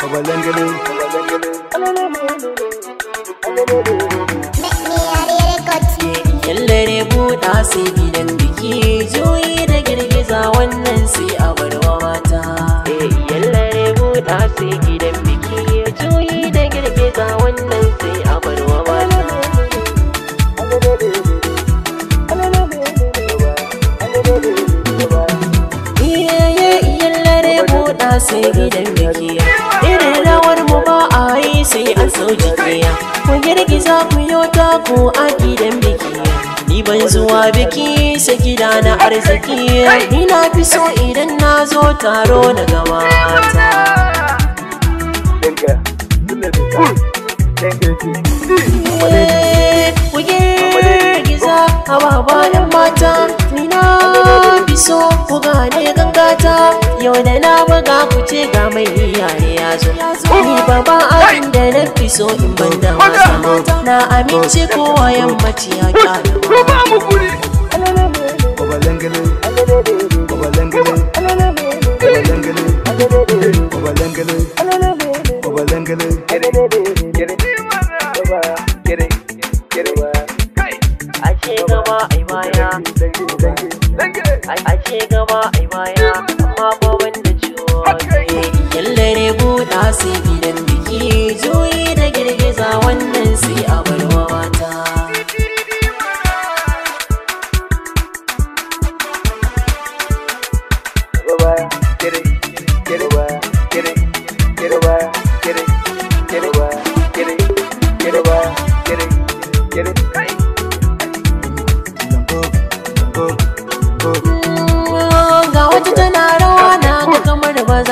kabalangale Yallare buɗa sai gidan biki juyi da girgiza wannan sai a dauɗa sai gidan bikiya irin rawar mu ba a yi sai an so jikiya ku girgiza ku yo ku a gidan bikiya ni ban zuwa biki sai gida na arziki ni na fi so idan na zo taro na gabata Ku girgiza hawa mata, ni na fi so ku gane gangata yau da na mai niyya ne ya zo ni ba abin da na fi so in banda masa na amince kowa yammaci ya gaba ai baya, amma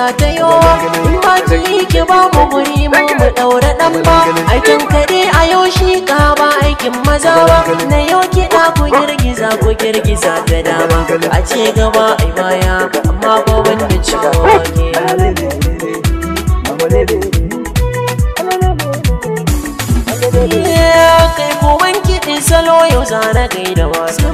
ratayo in ba ki ki ba mu guri mu mu daura dan ba aikin kare a yau shi ka ba aikin maza ba na yau kiɗa ku girgiza ku girgiza da dama a ce gaba ai baya amma ba wanda ciwo ne Yeah. salo yau zana gaida wata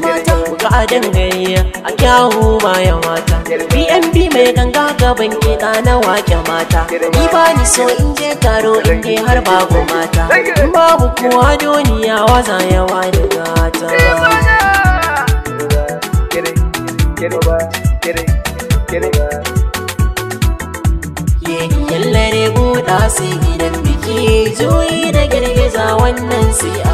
Kuka adin gayya a kyawu baya mata BNB mai ganga gaban kiɗa na wake mata Ni ba ni so in je taro in je har babu mata In babu kowa duniya waza yawa da gata Yallare buɗa sai gidan biki juyi da girgiza wannan sai